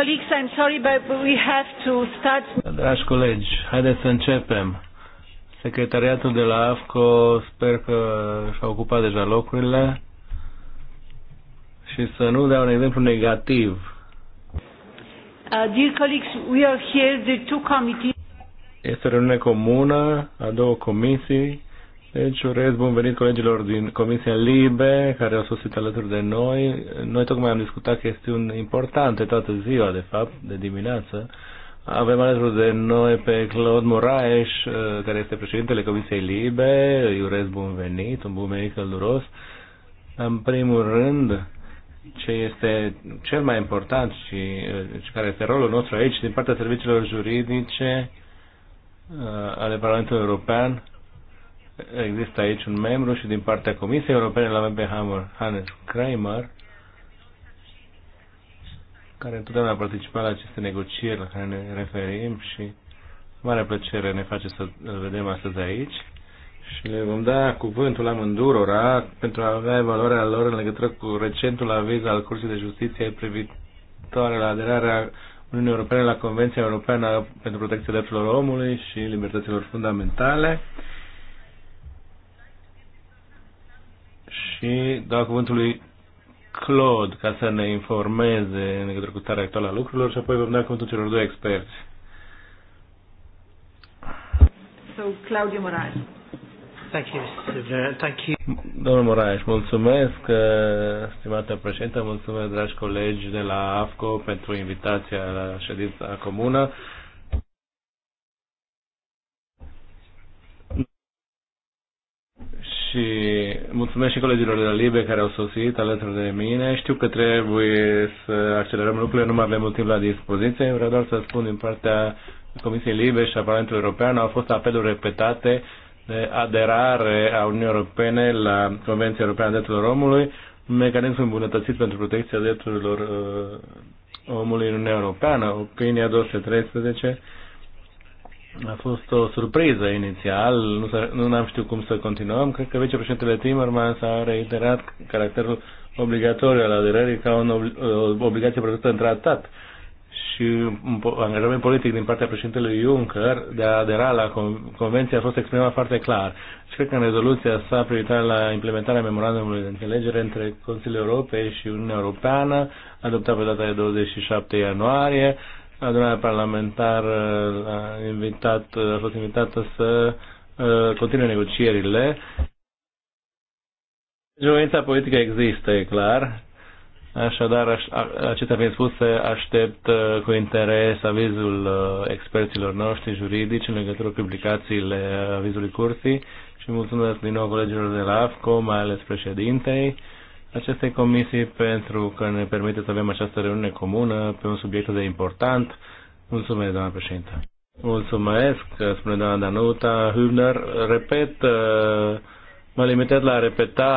colleagues, I'm sorry, but we have to start. Dragi colegi, haideți să începem. Secretariatul de la AFCO sper că și-a ocupat deja locurile și să nu dea un exemplu negativ. Uh, dear colleagues, we are here, the two committees. Este o reuniune comună a două comisii deci urez bun venit colegilor din Comisia Libe care au sosit alături de noi. Noi tocmai am discutat chestiuni importante toată ziua, de fapt, de dimineață. Avem alături de noi pe Claude Moraes, uh, care este președintele Comisiei Libe. Îi urez bun venit, un bun venit călduros. În primul rând, ce este cel mai important și uh, care este rolul nostru aici, din partea serviciilor juridice uh, ale Parlamentului European, Există aici un membru și din partea Comisiei Europene la MP Hammer, Hannes Kramer, care întotdeauna a participat la aceste negocieri la care ne referim și mare plăcere ne face să vedem astăzi aici și le vom da cuvântul amândurora pentru a avea evaluarea lor în legătură cu recentul aviz al Curții de Justiție privitoare la aderarea Uniunii Europene la Convenția Europeană pentru Protecția Drepturilor Omului și Libertăților Fundamentale. și dau cuvântul lui Claude ca să ne informeze în legătură cu starea actuală a lucrurilor și apoi vom da cuvântul celor doi experți. So, Claudio Moraes. Thank you, Thank you. Domnul Moraes, mulțumesc, uh, stimată președintă, mulțumesc, dragi colegi de la AFCO, pentru invitația la ședința comună. și mulțumesc și colegilor de la Libe care au sosit alături de mine. Știu că trebuie să accelerăm lucrurile, nu mai avem mult timp la dispoziție. Vreau doar să spun din partea Comisiei Libe și a Parlamentului European au fost apeluri repetate de aderare a Uniunii Europene la Convenția Europeană a Drepturilor Omului, un mecanism îmbunătățit pentru protecția drepturilor uh, omului în Uniunea Europeană, opinia 213 a fost o surpriză inițial, nu, nu am știut cum să continuăm. Cred că vicepreședintele Timmermans a reiterat caracterul obligatoriu al aderării ca un, o obligație prevăzută în tratat și un angajament politic din partea președintelui Juncker de a adera la convenție a fost exprimat foarte clar. Și cred că în rezoluția sa privitoare la implementarea memorandumului de înțelegere între Consiliul Europei și Uniunea Europeană, adoptat pe data de 27 ianuarie, Adunarea parlamentară a, invitat, a fost invitată să uh, continue negocierile. Voința politică există, e clar. Așadar, aș, a, acestea fiind spuse, aștept uh, cu interes avizul uh, experților noștri juridici în legătură cu publicațiile avizului cursii și mulțumesc din nou colegilor de la AFCO, mai ales președintei acestei comisii pentru că ne permite să avem această reuniune comună pe un subiect de important. Mulțumesc, doamna președinte. Mulțumesc, spune doamna Danuta Hübner. Repet, mă limitez la a repeta,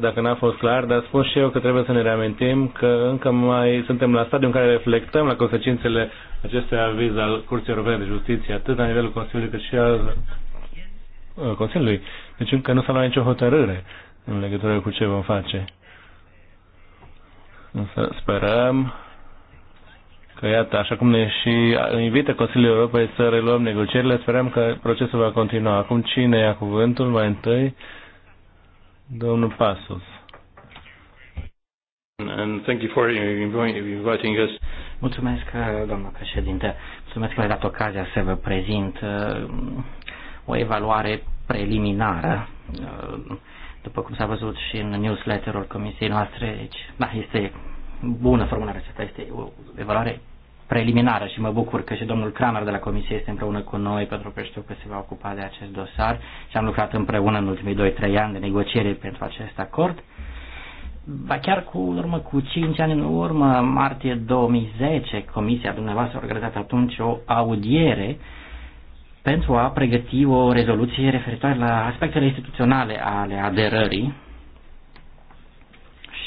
dacă n-a fost clar, dar spun și eu că trebuie să ne reamintim că încă mai suntem la stadiu în care reflectăm la consecințele acestui aviz al Curții Europene de Justiție, atât la nivelul Consiliului cât și al uh, Consiliului. Deci încă nu s-a luat nicio hotărâre în legătură cu ce vom face. Însă sperăm că iată, așa cum ne și invită Consiliul Europei să reluăm negocierile, sperăm că procesul va continua. Acum cine ia cuvântul mai întâi? Domnul Pasos. And thank you for inviting us. Mulțumesc, uh, doamnă președinte. Mulțumesc că mi-a dat ocazia să vă prezint uh, o evaluare preliminară uh, după cum s-a văzut și în newsletterul comisiei noastre, deci, da, este bună formularea aceasta, este o evaluare preliminară și mă bucur că și domnul Kramer de la comisie este împreună cu noi pentru că știu că se va ocupa de acest dosar și am lucrat împreună în ultimii 2-3 ani de negociere pentru acest acord. Ba chiar cu urmă cu 5 ani în urmă, martie 2010, comisia dumneavoastră a organizat atunci o audiere uh, pentru a pregăti o rezoluție referitoare la aspectele instituționale ale aderării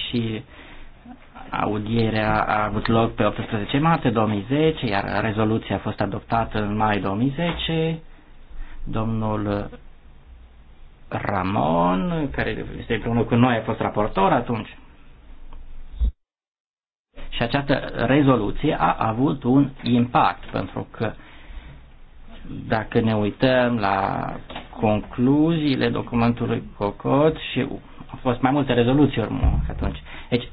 și audierea a avut loc pe 18 martie 2010, iar rezoluția a fost adoptată în mai 2010. Domnul Ramon, care este împreună cu noi, a fost raportor atunci. Și această rezoluție a avut un impact, pentru că uh, dacă ne uităm la concluziile documentului COCOT și au fost mai multe rezoluții urmă atunci. Deci,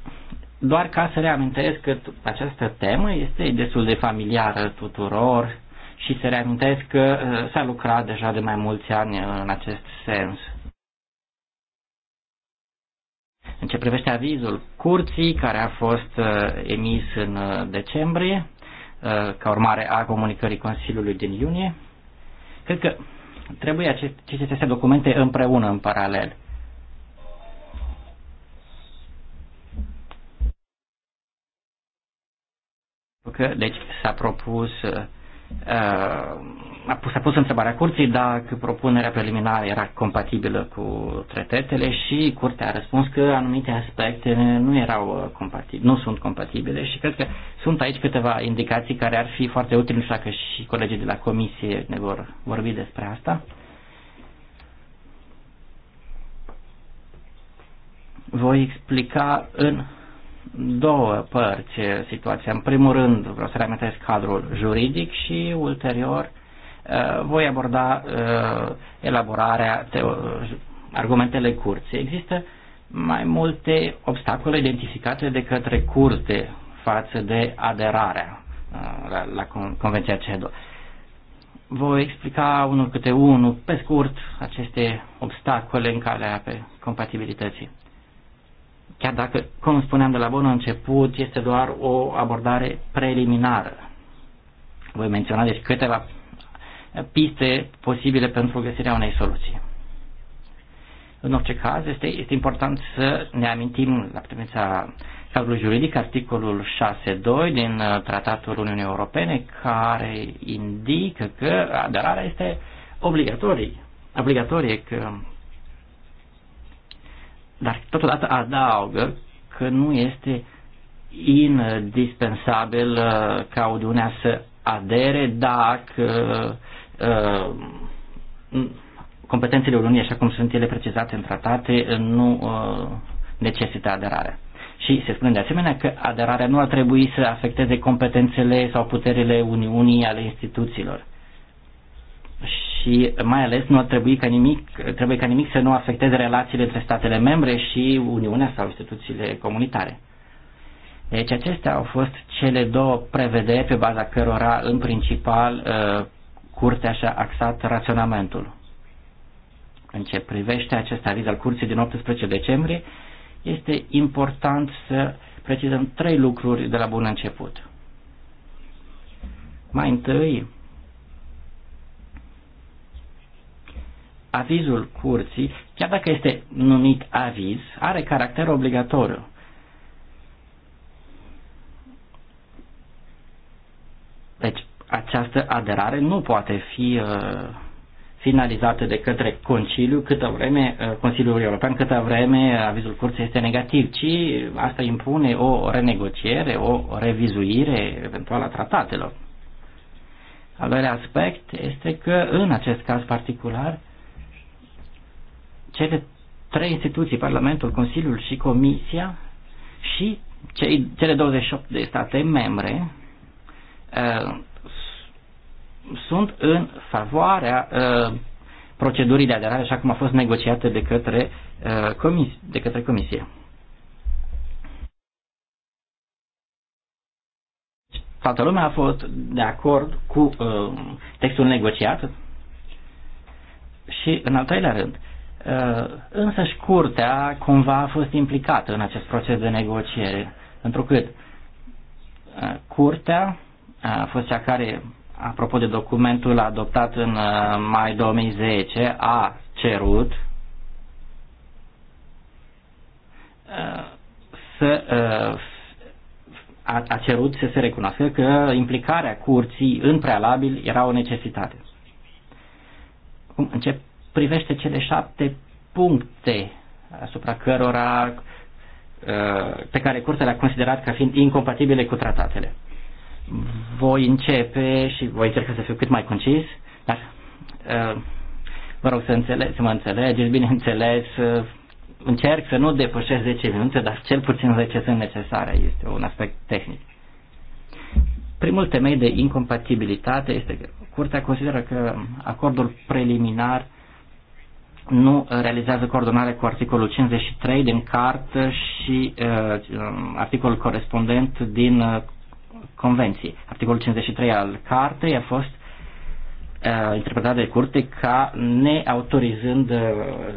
doar ca să reamintesc că această temă este destul de familiară tuturor și să reamintesc că uh, s-a lucrat deja de mai mulți ani uh, în acest sens. În ce privește avizul curții, care a fost uh, emis în decembrie, ca urmare a comunicării Consiliului din iunie, Cred că trebuie aceste, aceste documente împreună, în paralel. Că, deci s-a propus uh, Uh, a pus, a pus întrebarea curții dacă propunerea preliminară era compatibilă cu tretetele și curtea a răspuns că anumite aspecte nu erau uh, compatibile, nu sunt compatibile și cred că sunt aici câteva indicații care ar fi foarte utile, nu dacă și colegii de la comisie ne vor vorbi despre asta. Voi explica în două părți situația. În primul rând vreau să reamintesc cadrul juridic și ulterior uh, voi aborda uh, elaborarea argumentele curții. Există mai multe obstacole identificate de către curte față de aderarea uh, la, la Convenția CEDO. Voi explica unul câte unul, pe scurt, aceste obstacole în calea pe compatibilității chiar dacă, cum spuneam de la bun început, este doar o abordare preliminară. Voi menționa deci câteva piste posibile pentru găsirea unei soluții. În orice caz, este, este important să ne amintim la privința cadrului juridic, articolul 6.2 din uh, Tratatul Uniunii Europene, care indică că aderarea este obligatorie, obligatorie că dar totodată adaugă că nu este indispensabil uh, ca Uniunea să adere dacă uh, uh, competențele Uniunii, așa cum sunt ele precizate în tratate, nu necesită aderare. Și se spune de asemenea că aderarea nu ar trebui să afecteze competențele sau puterile Uniunii ale instituțiilor și mai ales nu ar trebui ca nimic, trebuie ca nimic să nu afecteze relațiile între statele membre și Uniunea sau instituțiile comunitare. Deci acestea au fost cele două prevederi pe baza cărora în principal uh, curtea și-a axat raționamentul. În ce privește acest aviz al curții din 18 decembrie, este important să precizăm trei lucruri de la bun început. Mai întâi, avizul curții, chiar dacă este numit aviz, are caracter obligatoriu. Deci, această aderare nu poate fi uh, finalizată de către Consiliu câtă vreme, uh, Consiliul European, câtă vreme avizul curții este negativ, ci asta impune o renegociere, o revizuire eventuală a tratatelor. Al doilea aspect este că în acest caz particular cele trei instituții, Parlamentul, Consiliul și Comisia și cei, cele 28 de state membre uh, sunt în favoarea uh, procedurii de aderare așa cum a fost negociată de către, uh, comis, de către Comisie. Toată lumea a fost de acord cu uh, textul negociat și, în al treilea rând, uh, Uh, însăși curtea cumva a fost implicată în acest proces de negociere, întrucât uh, curtea uh, a fost cea care, apropo de documentul adoptat în mai 2010, a cerut să a, a cerut să se recunoască că implicarea curții în prealabil era o necesitate. Cum încep privește cele șapte puncte asupra cărora uh, pe care curtea le-a considerat ca fiind incompatibile cu tratatele. Voi începe și voi încerca să fiu cât mai concis, dar uh, vă rog să, înțele- să mă înțelegeți, bineînțeles, uh, încerc să nu depășesc 10 minute, dar cel puțin 10 sunt necesare, este un aspect tehnic. Primul temei de incompatibilitate este că Curtea consideră că acordul preliminar nu realizează coordonare cu articolul 53 din cartă și uh, articolul corespondent din uh, convenție. Articolul 53 al cartei a fost uh, interpretat de curte ca neautorizând uh,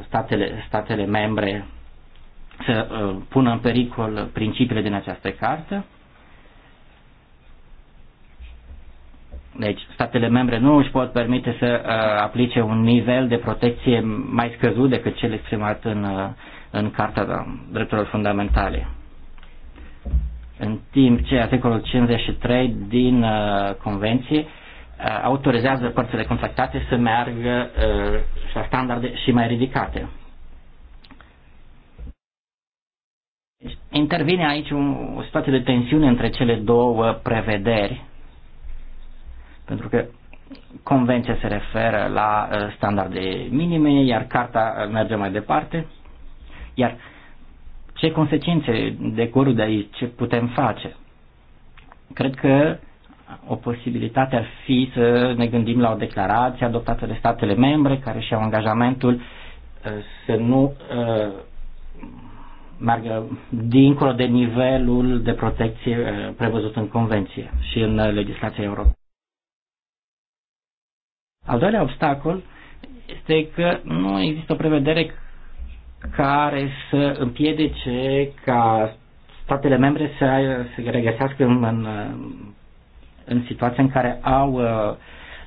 statele, statele membre să uh, pună în pericol principiile din această carte. Deci, statele membre nu își pot permite să uh, aplice un nivel de protecție mai scăzut decât cel exprimat în, uh, în Carta Drepturilor Fundamentale. În timp ce articolul 53 din uh, Convenție uh, autorizează părțile contractate să meargă uh, la standarde și mai ridicate. Deci, intervine aici un, o situație de tensiune între cele două prevederi pentru că convenția se referă la uh, standarde minime, iar carta uh, merge mai departe. Iar ce consecințe decurg de aici, ce putem face? Cred că o posibilitate ar fi să ne gândim la o declarație adoptată de statele membre care și-au angajamentul uh, să nu meargă dincolo de nivelul de protecție prevăzut în convenție și în legislația europeană. Al doilea obstacol este că nu există o prevedere care să împiedice ca statele membre să se regăsească în, în, în situația în care au uh,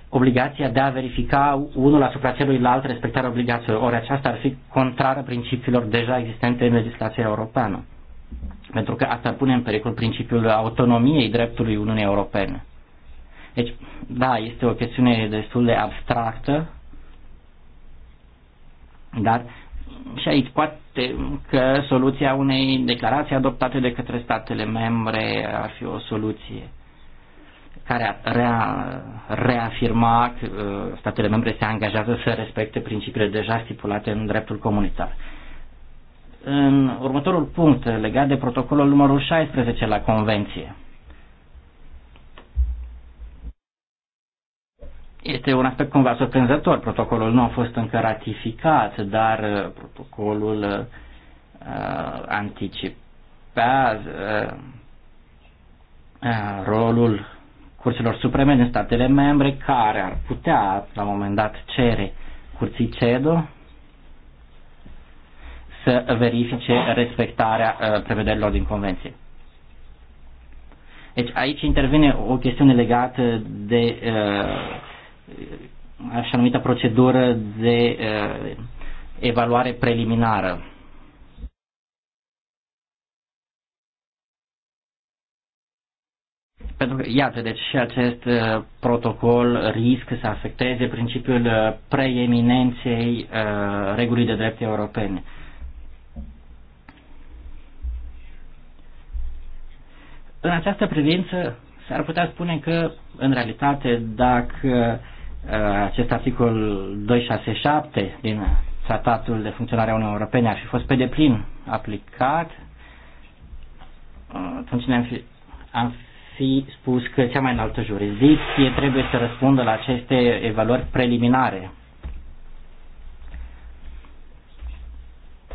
obligația de a verifica unul asupra celuilalt respectarea obligațiilor. Ori aceasta ar fi contrară principiilor deja existente în legislația europeană. Pentru că asta pune în pericol principiul autonomiei dreptului Uniunii Europene. Deci, da, este o chestiune destul de abstractă, dar și aici poate că soluția unei declarații adoptate de către statele membre ar fi o soluție care ar rea, reafirma că uh, statele membre se angajează să respecte principiile deja stipulate în dreptul comunitar. În următorul punct legat de protocolul numărul 16 la Convenție. Este un aspect cumva surprinzător. Protocolul nu a fost încă ratificat, dar uh, protocolul uh, uh anticipează uh, uh, rolul curților supreme din statele membre care ar putea, la un moment dat, cere curții CEDO să verifice respectarea uh, prevederilor din convenție. Deci aici intervine o chestiune legată de uh, așa numită procedură de uh, evaluare preliminară. Pentru că, iată, deci și acest uh, protocol riscă să afecteze principiul uh, preeminenței uh, regulii de drept europene. În această privință, s-ar putea spune că, în realitate, dacă Uh, acest articol 267 din Tratatul de Funcționare a Uniunii Europene ar fi fost pe deplin aplicat, uh, atunci ne-am fi, am fi spus că cea mai înaltă jurisdicție trebuie să răspundă la aceste evaluări preliminare.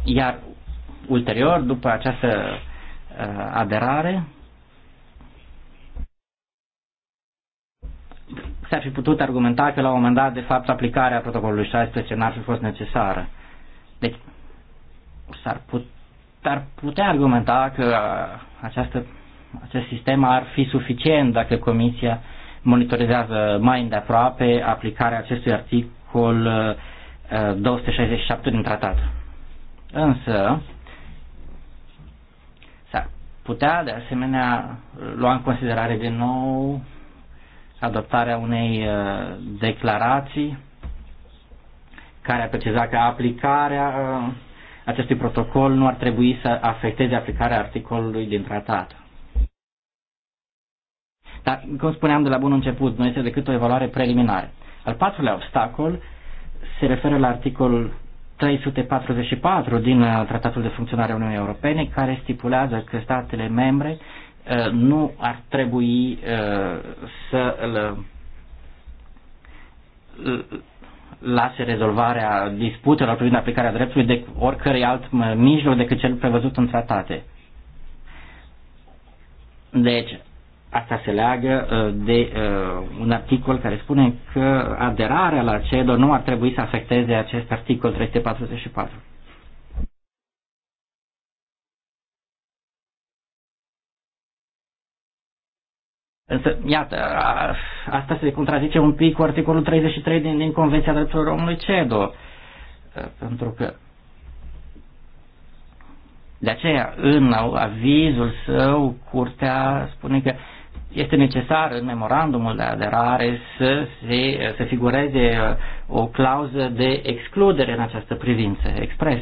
Iar ulterior, după această uh, aderare, S-ar fi putut argumenta că la un moment dat, de fapt, aplicarea protocolului 16 n-ar fi fost necesară. Deci, s-ar put, ar putea argumenta că uh, această, acest sistem ar fi suficient dacă Comisia monitorizează mai îndeaproape aplicarea acestui articol 267 uh, uh, din tratat. Însă, s-ar putea de asemenea lua în considerare din nou adoptarea unei uh, declarații care a precizat că aplicarea uh, acestui protocol nu ar trebui să afecteze aplicarea articolului din tratat. Dar, cum spuneam de la bun început, nu este decât o evaluare preliminară. Al patrulea obstacol se referă la articolul 344 din uh, Tratatul de Funcționare a Uniunii Europene, care stipulează că statele membre Eh, nu ar trebui eh, să lase rezolvarea disputelor privind aplicarea dreptului de oricărei alt mijloc decât cel prevăzut în tratate. Deci, asta se leagă eh, de un articol care spune că aderarea la CEDO nu ar trebui să afecteze acest articol 344. Însă, iată, a, asta se contrazice un pic cu articolul 33 din, din Convenția Drepturilor Omului CEDO. Ă, pentru că de aceea, în avizul său, curtea spune că este necesar în memorandumul de aderare să, se, să figureze ă, o clauză de excludere în această privință, expres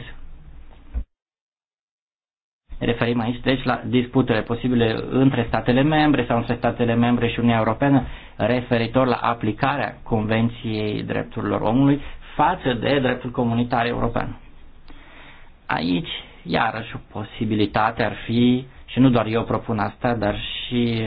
referim aici deci la disputele posibile între statele membre sau între statele membre și Uniunea Europeană referitor la aplicarea Convenției Drepturilor Omului față de dreptul comunitar european. Aici, iarăși, o posibilitate ar fi, și nu doar eu propun asta, dar și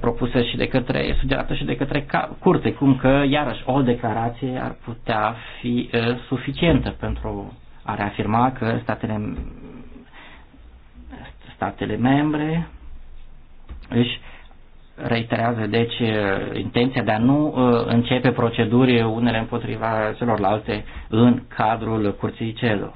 propuse și de către, sugerată și de către curte, cum că, iarăși, o declarație ar putea fi uh, suficientă pentru a reafirma că statele, statele membre își reiterează, deci, intenția de a nu începe proceduri unele împotriva celorlalte în cadrul curții CEDO.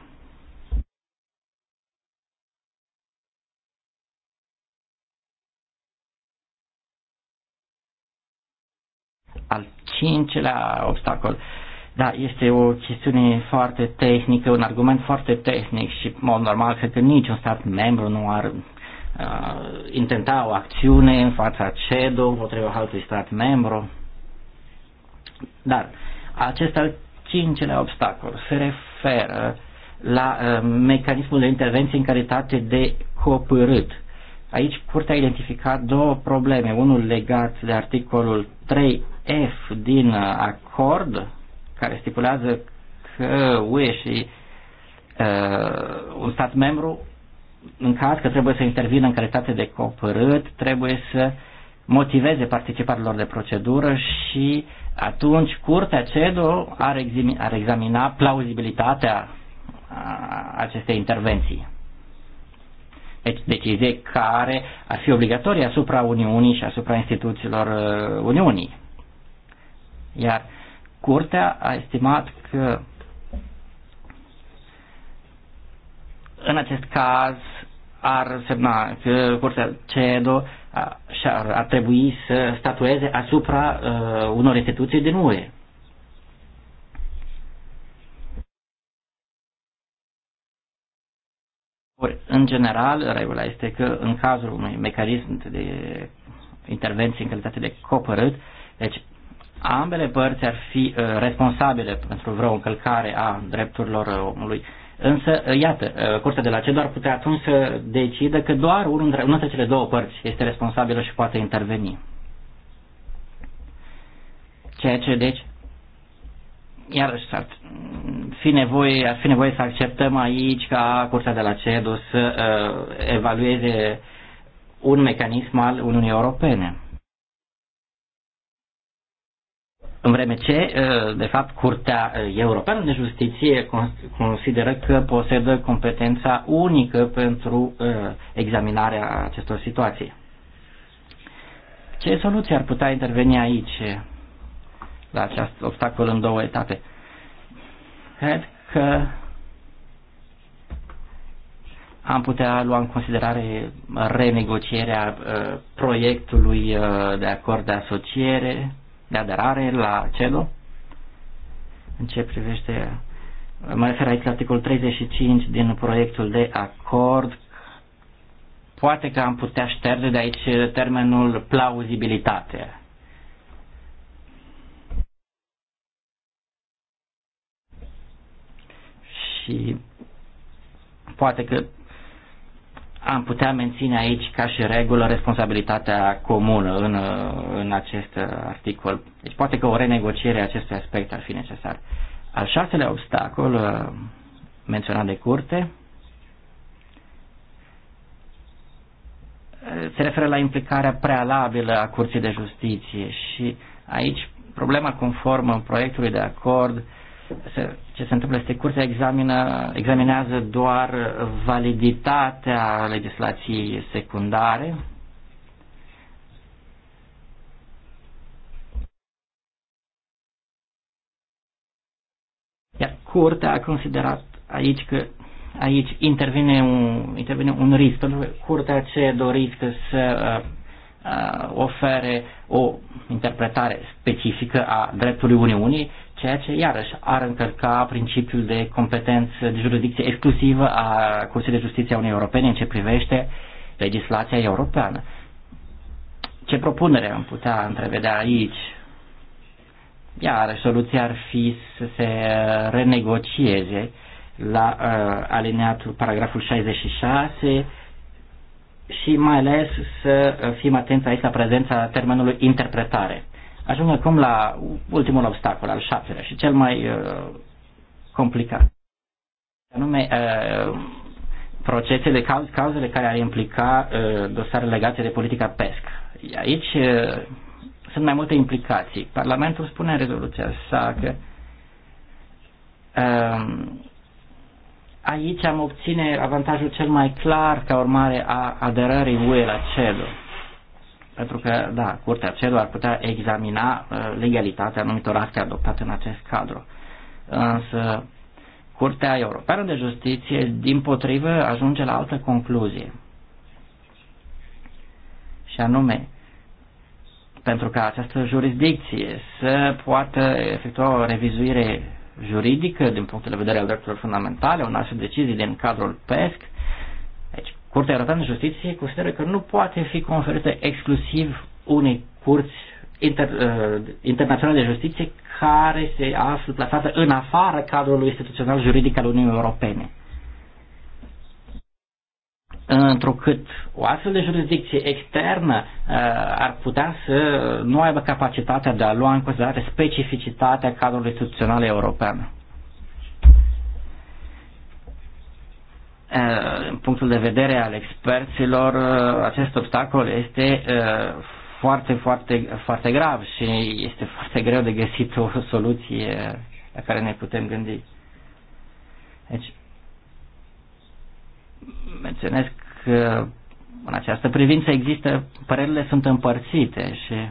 cincilea obstacol. Da, este o chestiune foarte tehnică, un argument foarte tehnic și, în mod normal, cred că niciun stat membru nu ar uh, intenta o acțiune în fața CEDO împotriva altui stat membru. Dar acest al cincilea obstacol se referă la uh, mecanismul de intervenție în calitate de copărât. Aici Curtea a identificat două probleme, unul legat de articolul 3 F din acord care stipulează că UE și uh, un stat membru în caz că trebuie să intervină în calitate de copărât, trebuie să motiveze participarea lor de procedură și atunci Curtea CEDO ar, eximi, ar examina plauzibilitatea uh, acestei intervenții. Deci decizie care ar fi obligatorie asupra Uniunii și asupra instituțiilor uh, Uniunii. Iar curtea a estimat că în acest caz ar semna că Curtea CEDO ar, ar trebui să statueze asupra uh, unor instituții din UE. Or, în general, regula este că în cazul unui mecanism de intervenție în calitate de copărât, deci ambele părți ar fi uh, responsabile pentru vreo încălcare a drepturilor omului. Însă, uh, iată, uh, Curtea de la CE doar putea atunci să decidă că doar unul dintre, unul dintre cele două părți este responsabilă și poate interveni. Ceea ce, deci, iarăși ar fi nevoie, ar fi nevoie să acceptăm aici ca Curtea de la CEDO să uh, evalueze un mecanism al Uniunii Europene. În vreme ce, ă, de fapt, Curtea ă, Europeană de Justiție consideră că posedă competența unică pentru ă, examinarea acestor situații. Ce soluție ar putea interveni aici, la acest obstacol în două etape? Cred că am putea lua în considerare renegocierea proiectului de acord de asociere, de aderare la CEDO. În ce privește, mă refer aici la articolul 35 din proiectul de acord, poate că am putea șterge de aici termenul plauzibilitate. Și poate că am putea menține aici ca și regulă responsabilitatea comună în, în acest articol. Deci poate că o renegociere a acestui aspect ar fi necesar. Al șaselea obstacol uh, menționat de curte uh, se referă la implicarea prealabilă a Curții de Justiție și aici problema conformă proiectului de acord ce se întâmplă este curtea examină, examinează doar validitatea legislației secundare, Iar curtea a considerat aici că aici intervine un, intervine un risc, pentru că curtea ce dorit că să Uh, ofere o interpretare specifică a dreptului Uniunii, ceea ce iarăși ar încărca principiul de competență de jurisdicție exclusivă a Curții de Justiție a Uniunii Europene în ce privește legislația europeană. Ce propunere am putea întrevedea aici? Iar soluția ar fi să se renegocieze la uh, alineatul paragraful 66 și mai ales să fim atenți aici la prezența termenului interpretare. Ajung acum la ultimul obstacol, al șaptelea și cel mai uh, complicat. Anume, uh, procesele, cauzele care ar implica uh, dosare legate de politica PESC. Aici uh, sunt mai multe implicații. Parlamentul spune în rezoluția sa că uh, aici am obține avantajul cel mai clar ca urmare a aderării UE la CEDO. Pentru că, da, Curtea CEDO ar putea examina uh, legalitatea anumitor acte adoptate în acest cadru. Însă, Curtea Europeană de Justiție, din potrivă, ajunge la altă concluzie. Și anume, pentru ca această jurisdicție să poată efectua o revizuire juridică din punctul de vedere al drepturilor fundamentale, un astfel de decizii din cadrul PESC. Deci, Curtea Europeană de Justiție consideră că nu poate fi conferită exclusiv unei curți inter, uh, internaționale de justiție care se află plasată în afara cadrului instituțional juridic al Uniunii Europene întrucât o astfel de jurisdicție externă uh, ar putea să nu aibă capacitatea de a lua în considerare specificitatea cadrului instituțional european. Uh, în punctul de vedere al experților, uh, acest obstacol este foarte, foarte, foarte grav și este foarte greu de găsit o soluție la care ne putem gândi. Deci, menționez că în această privință există, părerile sunt împărțite și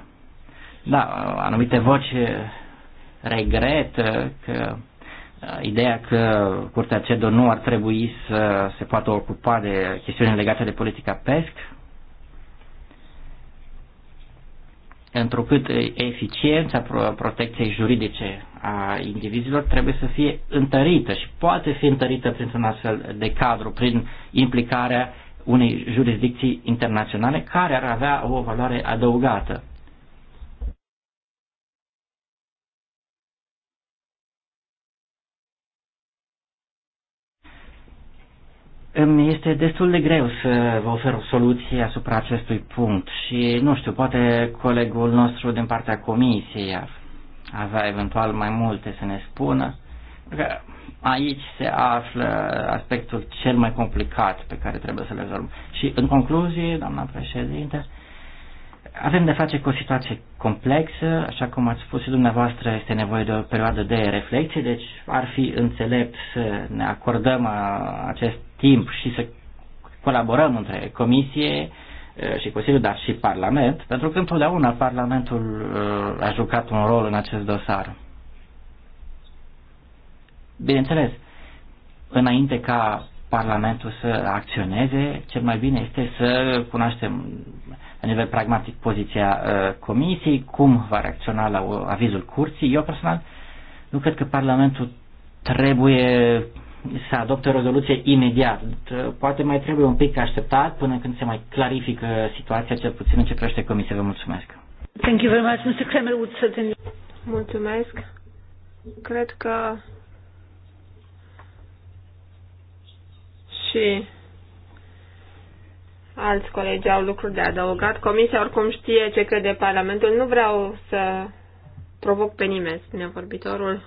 da, anumite voci regret că uh, ideea că Curtea CEDO nu ar trebui să se poată ocupa de chestiuni legate de politica PESC întrucât eficiența protecției juridice a indivizilor trebuie să fie întărită și poate fi întărită printr-un astfel de cadru, prin implicarea unei jurisdicții internaționale care ar avea o valoare adăugată. Îmi este destul de greu să vă ofer o soluție asupra acestui punct și, nu știu, poate colegul nostru din partea comisiei ar avea eventual mai multe să ne spună. Că aici se află aspectul cel mai complicat pe care trebuie să-l rezolvăm. Și, în concluzie, doamna președinte, avem de face cu o situație complexă, așa cum ați spus și dumneavoastră, este nevoie de o perioadă de reflexie, deci ar fi înțelept să ne acordăm acest timp și să colaborăm între Comisie și Consiliul, dar și Parlament, pentru că întotdeauna Parlamentul a jucat un rol în acest dosar. Bineînțeles, înainte ca Parlamentul să acționeze, cel mai bine este să cunoaștem la nivel pragmatic poziția Comisiei, cum va reacționa la avizul curții. Eu personal nu cred că Parlamentul trebuie să adopte o rezoluție imediat. Poate mai trebuie un pic așteptat până când se mai clarifică situația, cel puțin în ce privește comisia. Vă mulțumesc. Thank you very much, Mr. Kramer. Mulțumesc. Cred că și alți colegi au lucruri de adăugat. Comisia oricum știe ce crede Parlamentul. Nu vreau să provoc pe nimeni, spune vorbitorul.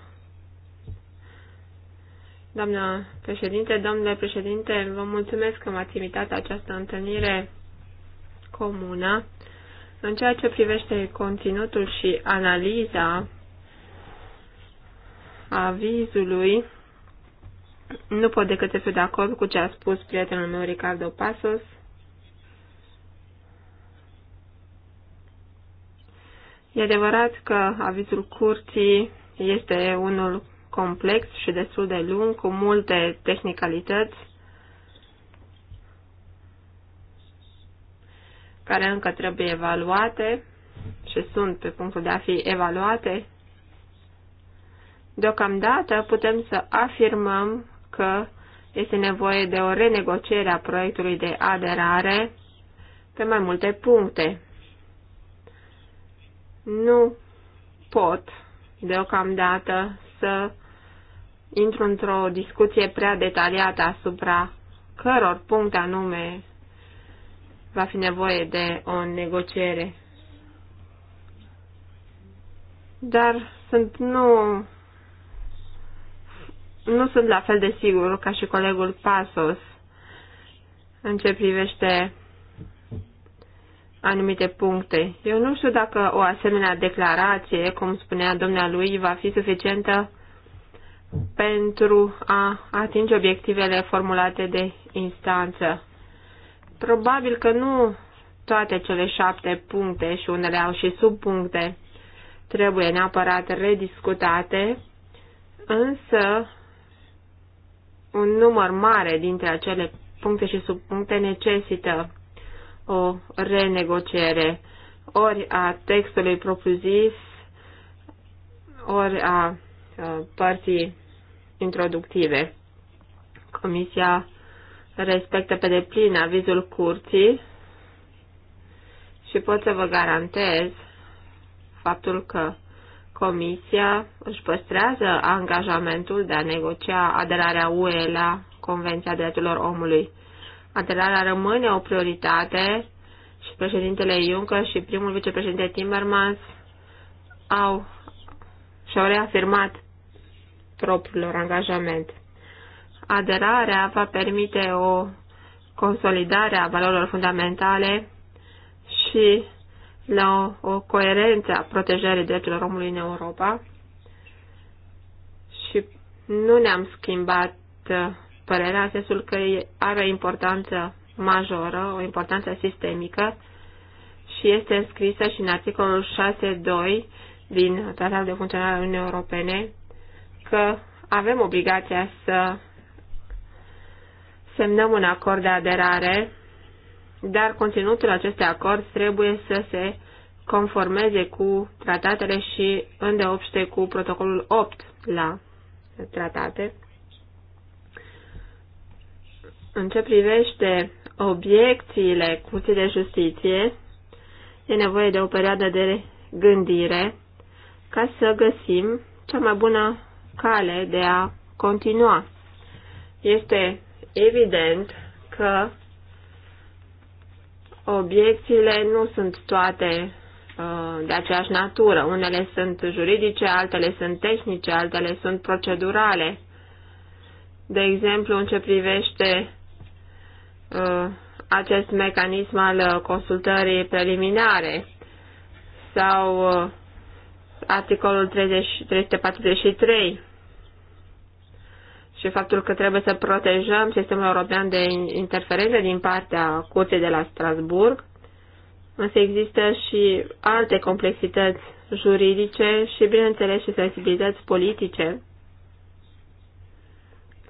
Doamna președinte, domnule președinte, vă mulțumesc că m-ați invitat această întâlnire comună. În ceea ce privește conținutul și analiza avizului, nu pot decât să fiu de acord cu ce a spus prietenul meu Ricardo Pasos. E adevărat că avizul curții este unul complex și destul de lung, cu multe tehnicalități, care încă trebuie evaluate și sunt pe punctul de a fi evaluate. Deocamdată putem să afirmăm că este nevoie de o renegociere a proiectului de aderare pe mai multe puncte. Nu pot deocamdată să intru într-o discuție prea detaliată asupra căror punct anume va fi nevoie de o negociere. Dar sunt nu nu sunt la fel de sigur ca și colegul Pasos în ce privește anumite puncte. Eu nu știu dacă o asemenea declarație, cum spunea lui va fi suficientă pentru a atinge obiectivele formulate de instanță. Probabil că nu toate cele șapte puncte și unele au și subpuncte trebuie neapărat rediscutate, însă un număr mare dintre acele puncte și subpuncte necesită o renegociere ori a textului propriu-zis, ori a, uh, părții introductive. Comisia respectă pe deplin avizul curții și pot să vă garantez faptul că Comisia își păstrează angajamentul de a negocia aderarea UE la Convenția Drepturilor Omului. Aderarea rămâne o prioritate și președintele Juncker și primul vicepreședinte Timmermans au și-au reafirmat propriilor angajamente. Aderarea va permite o consolidare a valorilor fundamentale și la o, o coerență a protejării drepturilor omului în Europa și nu ne-am schimbat uh, părerea în sensul că are o importanță majoră, o importanță sistemică și este înscrisă și în articolul 6.2 din Tratatul de Funcționare al Uniunii Europene că avem obligația să semnăm un acord de aderare, dar conținutul acestui acord trebuie să se conformeze cu tratatele și îndeopște cu protocolul 8 la tratate. În ce privește obiecțiile Curții de Justiție, e nevoie de o perioadă de gândire ca să găsim cea mai bună cale de a continua. Este evident că obiecțiile nu sunt toate uh, de aceeași natură. Unele sunt juridice, altele sunt tehnice, altele sunt procedurale. De exemplu, în ce privește uh, acest mecanism al uh, consultării preliminare sau articolul 30, 343 și faptul că trebuie să protejăm sistemul european de interferențe din partea Curții de la Strasburg, însă există și alte complexități juridice și, bineînțeles, și sensibilități politice,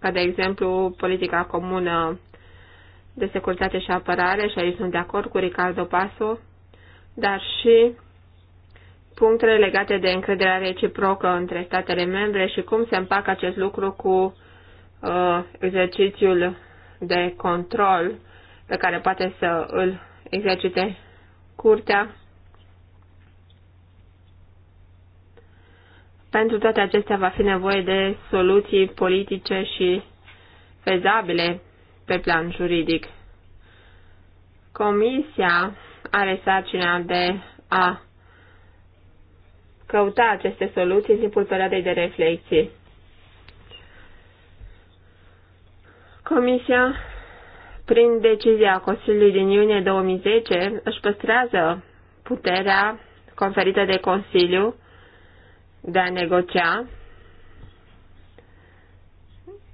ca de exemplu politica comună de securitate și apărare, și aici sunt de acord cu Ricardo Paso, dar și punctele legate de încrederea reciprocă între statele membre și cum se împacă acest lucru cu uh, exercițiul de control pe care poate să îl exercite curtea. Pentru toate acestea va fi nevoie de soluții politice și fezabile pe plan juridic. Comisia are sarcina de a căuta aceste soluții în timpul perioadei de reflexie. Comisia, prin decizia Consiliului din iunie 2010, își păstrează puterea conferită de Consiliu de a negocia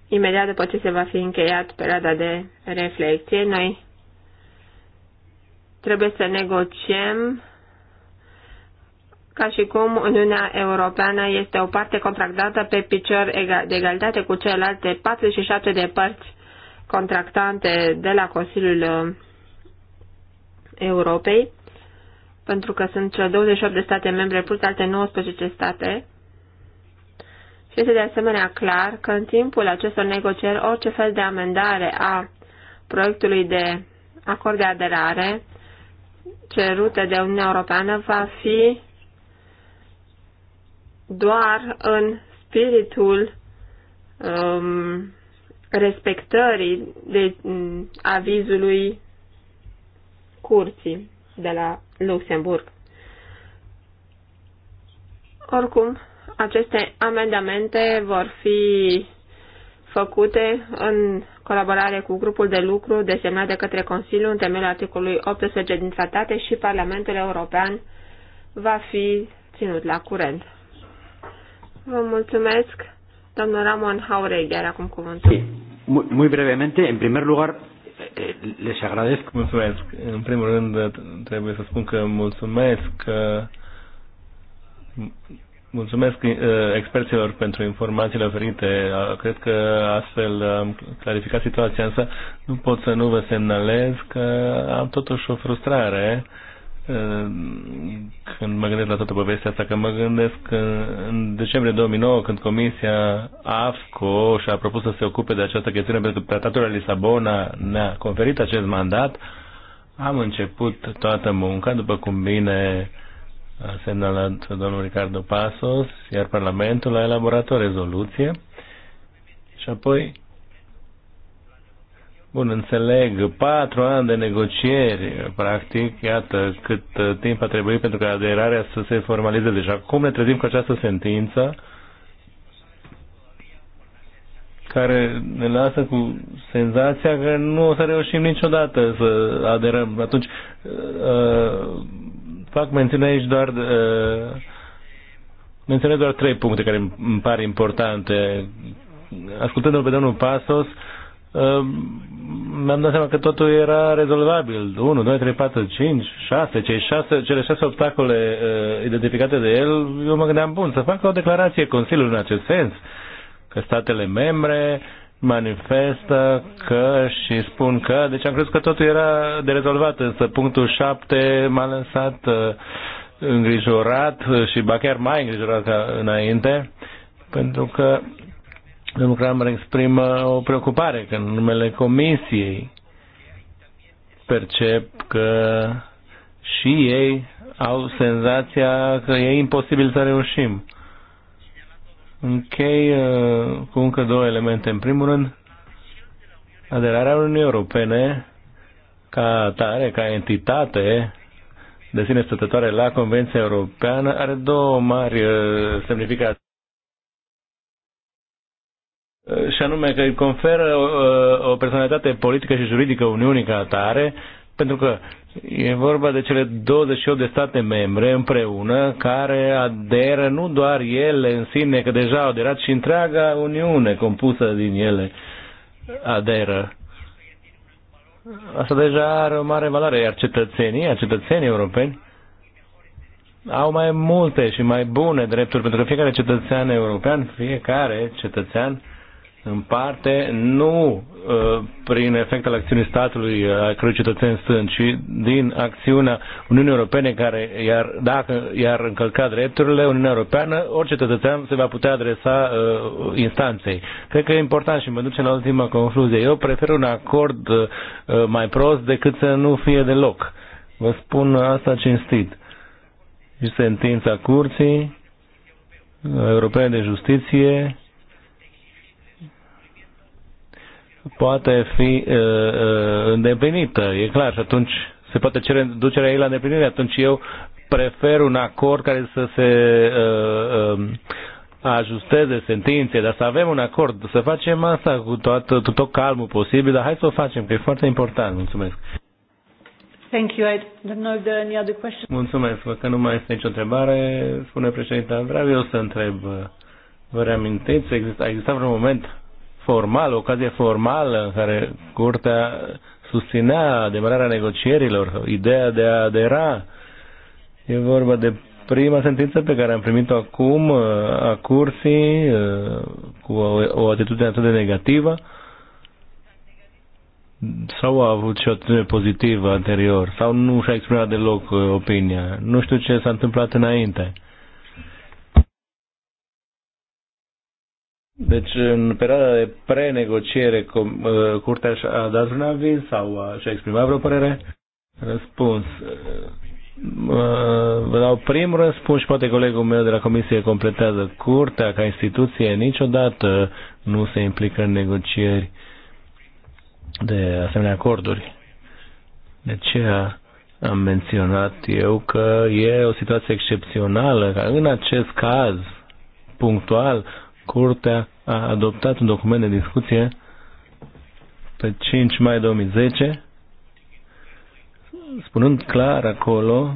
imediat după ce se va fi încheiat perioada de reflexie. Noi trebuie să negociem ca și cum Uniunea Europeană este o parte contractată pe picior de egalitate cu celelalte 47 de părți contractante de la Consiliul uh, Europei, pentru că sunt cele 28 de state membre plus alte 19 state. Și este de asemenea clar că în timpul acestor negocieri orice fel de amendare a proiectului de acord de aderare cerute de Uniunea Europeană va fi doar în spiritul um, respectării de avizului curții de la Luxemburg. Oricum, aceste amendamente vor fi făcute în colaborare cu grupul de lucru desemnat de către Consiliu în temelul articolului 18 din tratate și Parlamentul European va fi ținut la curent. Vă mulțumesc! Domnul Ramon Jauregui are acum cuvântul. Muy, muy brevemente, en primer lugar, eh, eh, les agradezco. Mulțumesc. În primul rând, trebuie să spun că mulțumesc Mulțumesc eh, experților pentru informațiile oferite. Cred că astfel am clarificat situația, însă nu pot să nu vă semnalez că am totuși o frustrare uh, când mă gândesc la toată povestea asta, că mă gândesc că în decembrie 2009, când Comisia AFCO și-a propus să se ocupe de această chestiune, pentru că Tratatul de Lisabona ne-a conferit acest mandat, am început toată munca, după cum bine a semnalat domnul Ricardo Pasos, iar Parlamentul a elaborat o rezoluție și apoi Bun, înțeleg, patru ani de negocieri, practic, iată cât uh, timp a trebuit pentru ca aderarea să se formalizeze. deja. Deci acum ne trezim cu această sentință care ne lasă cu senzația că nu o să reușim niciodată să aderăm. Atunci, uh, fac mențiune aici doar uh, menționez doar trei puncte care îmi par importante. Ascultându-l pe domnul Pasos, uh, Ehm, mi-am dat seama că totul era rezolvabil. 1, 2, 3, 4, 5, 6, cei 6 cele 6 obstacole uh, identificate de el, eu mă gândeam, bun, să fac o declarație Consiliului în acest sens, că statele membre manifestă că și spun că, deci am crezut că totul era de rezolvat, însă punctul 7 m-a lăsat uh, îngrijorat și ba chiar mai îngrijorat ca înainte, pentru că Domnul Kramer exprimă o preocupare că în numele Comisiei percep că și ei au senzația că e imposibil să reușim. Închei uh, cu încă două elemente. În primul rând, aderarea Uniunii Europene ca tare, ca entitate de sine stătătoare la Convenția Europeană are două mari uh, semnificații. Uh, și anume că îi conferă o, uh, o personalitate politică și juridică Uniunii ca atare, pentru că e vorba de cele 28 de state membre împreună care aderă nu doar ele în sine, că deja au aderat și întreaga Uniune compusă din ele aderă. Asta deja are o mare valoare, iar cetățenii, cetățenii europeni au mai multe și mai bune drepturi, pentru că fiecare cetățean european, fiecare cetățean în parte, nu uh, prin efectul acțiunii statului uh, a cărui cetățeni sunt, ci din acțiunea Uniunii Europene care, iar, dacă i-ar încălca drepturile, Uniunea Europeană, orice cetățean se va putea adresa uh, instanței. Cred că e important și mă duce la ultima concluzie. Eu prefer un acord uh, mai prost decât să nu fie deloc. Vă spun asta cinstit. Și sentința Curții uh, Europene de Justiție poate fi uh, uh, îndeplinită, uh, e clar, și atunci se poate cere ducerea ei la îndeplinire, atunci eu prefer un acord care să se uh, uh, ajusteze sentințe, dar să avem un acord, să facem asta cu tot, tot, tot calmul posibil, dar hai să o facem, că e foarte important. Mulțumesc. Thank you. I don't know if there are any other questions. Mulțumesc. Văd că nu mai este nicio întrebare. Spune președinte vreau eu să întreb. Uh, vă reamintiți? Există? a existat vreun moment formal, o ocazie formală în care Curtea susținea demararea negocierilor, ideea de a adera. E vorba de prima sentință pe care am primit-o acum uh, a cursii uh, cu o atitudine atât de negativă sau a avut și o atitudine pozitivă anterior sau nu și-a exprimat deloc uh, opinia. Nu știu ce s-a întâmplat înainte. Deci, în perioada de pre-negociere, uh, Curtea a dat un aviz sau a, și-a exprimat vreo părere? Răspuns. Uh, uh, vă dau primul răspuns și poate colegul meu de la Comisie completează. Curtea, ca instituție, niciodată nu se implică în negocieri de asemenea acorduri. De aceea am menționat eu că e o situație excepțională, că în acest caz punctual Curtea a adoptat un document de discuție pe 5 mai 2010, spunând clar acolo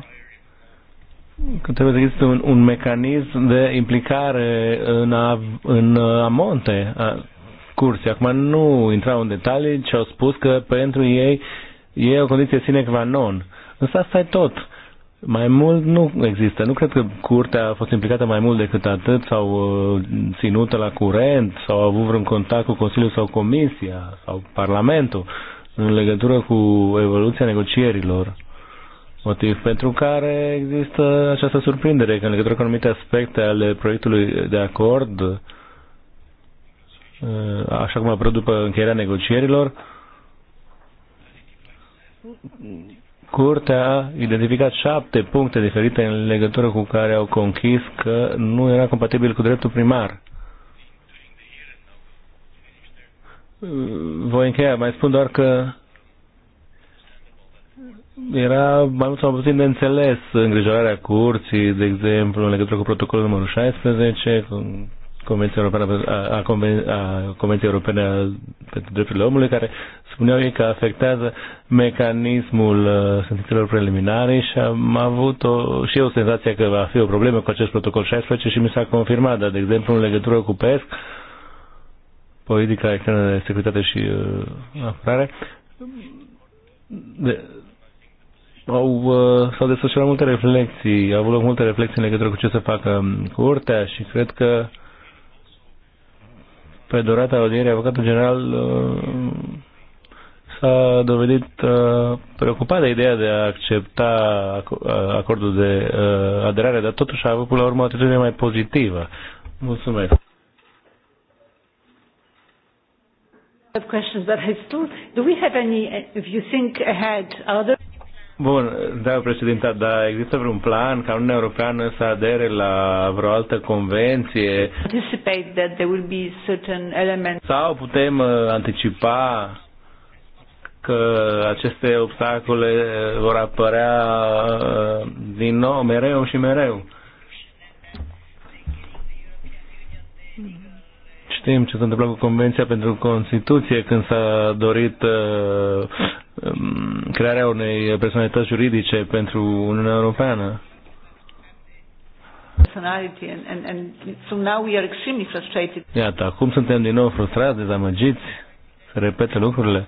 că trebuie să există un, un mecanism de implicare în, a, în amonte a cursii. Acum nu intrau în detalii, ci au spus că pentru ei e o condiție sine qua non. Însă asta e tot. Mai mult nu există. Nu cred că curtea a fost implicată mai mult decât atât sau uh, ținută la curent sau a avut vreun contact cu Consiliul sau Comisia sau Parlamentul în legătură cu evoluția negocierilor. Motiv pentru care există această surprindere că în legătură cu anumite aspecte ale proiectului de acord, uh, așa cum a apărut după încheierea negocierilor, Curtea a identificat șapte puncte diferite în legătură cu care au conchis că nu era compatibil cu dreptul primar. Voi încheia, mai spun doar că era mai mult sau puțin de înțeles îngrijorarea curții, de exemplu, în legătură cu protocolul numărul 16, Convenția Europeană, a, Conven, a Convenției Europene pentru Drepturile Omului, care spuneau ei că afectează mecanismul uh, sentințelor preliminare și am avut o, și eu senzația că va fi o problemă cu acest protocol 16 și mi s-a confirmat, dar de exemplu în legătură cu PESC, politica externă de securitate și uh, apărare, de, au, uh, s-au desfășurat multe reflexii, au avut loc multe reflexii în legătură cu ce să facă um, curtea și cred că pe durata audierii, avocatul general uh, s-a dovedit uh, preocupat de ideea de a accepta uh, acordul de aderare, dar totuși a avut până la urmă o atitudine mai pozitivă. Mulțumesc. questions, but I still, do we have any, if you think ahead, are there... Bun, da, președinte, dar există vreun plan ca Uniunea Europeană să adere la vreo altă convenție? Anticipate that there will be certain elements. Sau putem uh, anticipa că aceste obstacole uh, vor apărea uh, din nou, mereu și mereu? Știm ce s-a întâmplat cu Convenția pentru Constituție când s-a dorit uh, Um, crearea unei personalități juridice pentru Uniunea Europeană. Iată, acum suntem din nou frustrați, dezamăgiți, să repete lucrurile.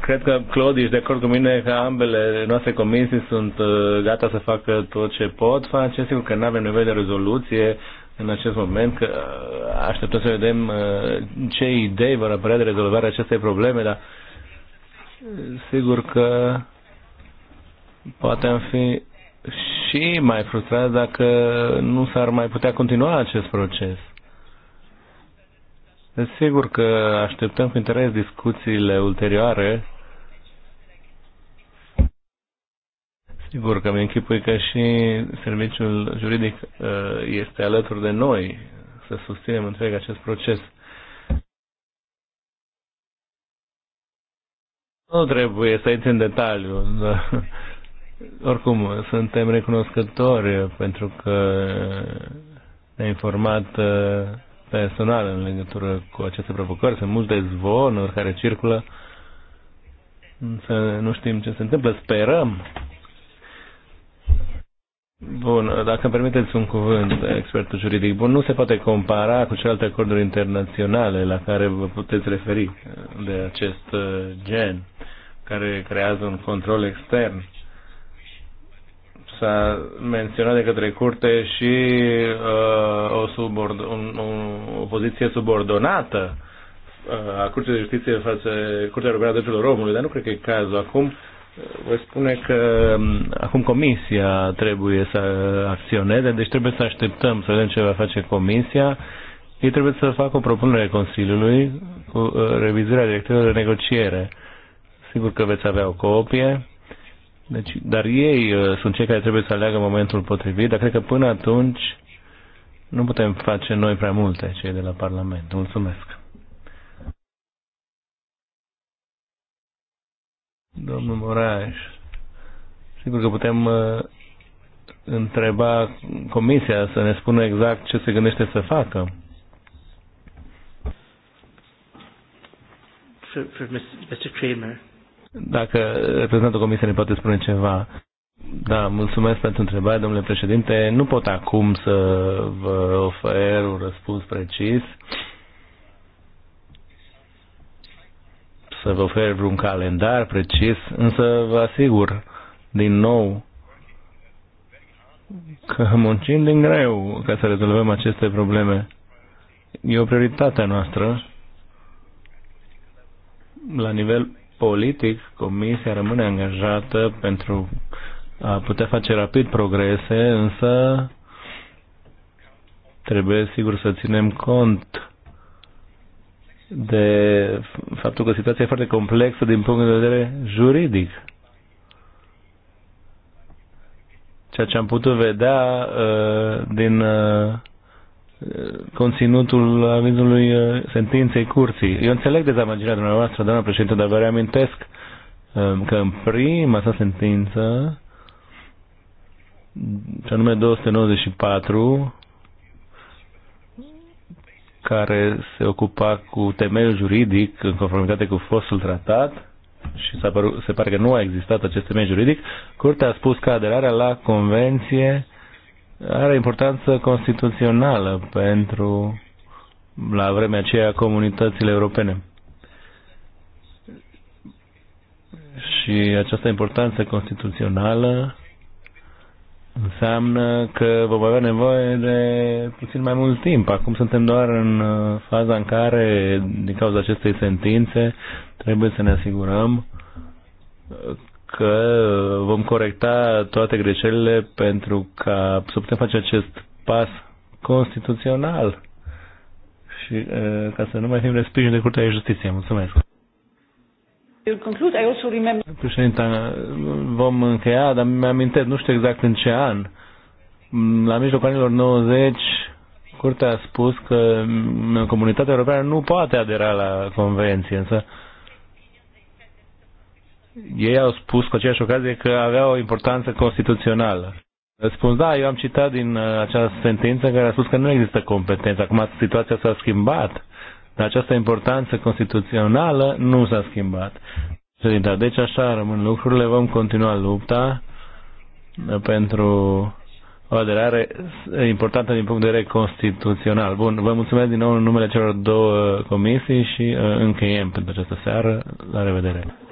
Cred că Claudiu ești de acord cu mine că ambele noastre comisii sunt uh, gata să facă tot ce pot face. Sigur că nu avem nevoie de rezoluție în acest moment, că așteptăm să vedem uh, ce idei vor apărea de rezolvare acestei probleme, dar uh, sigur că poate am fi și mai frustrat dacă nu s-ar mai putea continua acest proces. Deci, sigur că așteptăm cu interes discuțiile ulterioare Sigur că mi închipui că și serviciul juridic uh, este alături de noi să susținem întreg acest proces. Nu trebuie să intri în detaliu. oricum, suntem recunoscători pentru că ne-a informat uh, personal în legătură cu aceste provocări. Sunt multe zvonuri care circulă, însă nu știm ce se întâmplă. Sperăm Bun, dacă îmi permiteți un cuvânt, expertul juridic, bun, nu se poate compara cu celelalte acorduri internaționale la care vă puteți referi de acest uh, gen, care creează un control extern. S-a menționat de către curte și uh, o, subord- un, un, o poziție subordonată uh, a Curții de Justiție față Curtea Europeană a Drepturilor Omului, dar nu cred că e cazul acum. Vă spune că um, acum comisia trebuie să acționeze, deci trebuie să așteptăm să vedem ce va face comisia. Ei trebuie să facă o propunere Consiliului cu uh, revizuirea directivelor de negociere. Sigur că veți avea o copie, deci, dar ei uh, sunt cei care trebuie să aleagă momentul potrivit, dar cred că până atunci nu putem face noi prea multe, cei de la Parlament. Mulțumesc! Domnul Moraș, sigur că putem uh, întreba comisia să ne spună exact ce se gândește să facă. For, for Mr. Kramer. Dacă reprezentantul comisiei ne poate spune ceva. Da, mulțumesc pentru întrebare, domnule președinte. Nu pot acum să vă ofer un răspuns precis. Uh, să vă ofer vreun calendar precis, însă vă asigur din nou că muncim din greu ca să rezolvăm aceste probleme. E o prioritate noastră. La nivel politic, Comisia rămâne angajată pentru a putea face rapid progrese, însă trebuie sigur să ținem cont de faptul că situația e foarte complexă din punct de vedere juridic. Ceea ce am putut vedea uh, din uh, conținutul avizului uh, sentinței curții. Eu înțeleg dezamăgirea dumneavoastră, doamna președinte, dar vă reamintesc uh, că în prima sa sentință, ce anume 294, care se ocupa cu temeiul juridic în conformitate cu fostul tratat și părut, se pare că nu a existat acest temei juridic, Curtea a spus că aderarea la convenție are importanță constituțională pentru la vremea aceea comunitățile europene. Și această importanță constituțională înseamnă că vom avea nevoie de puțin mai mult timp. Acum suntem doar în uh, faza în care, din cauza acestei sentințe, trebuie să ne asigurăm că vom corecta toate greșelile pentru ca să putem face acest pas constituțional și uh, ca să nu mai fim respinși de Curtea de Justiție. Mulțumesc! Președinte, vom încheia, dar mi-amintesc, nu știu exact în ce an. La mijlocul anilor 90, Curtea a spus că comunitatea europeană nu poate adera la convenție, însă ei au spus cu aceeași ocazie că avea o importanță constituțională. Răspuns, da, eu am citat din uh, această sentință care a spus că nu există competență. Acum situația s-a schimbat. Dar această importanță constituțională nu s-a schimbat. Deci așa rămân lucrurile, vom continua lupta uh, pentru o aderare uh, importantă din punct de vedere constituțional. Bun, vă mulțumesc din nou în numele celor două comisii și uh, încheiem pentru această seară. La revedere!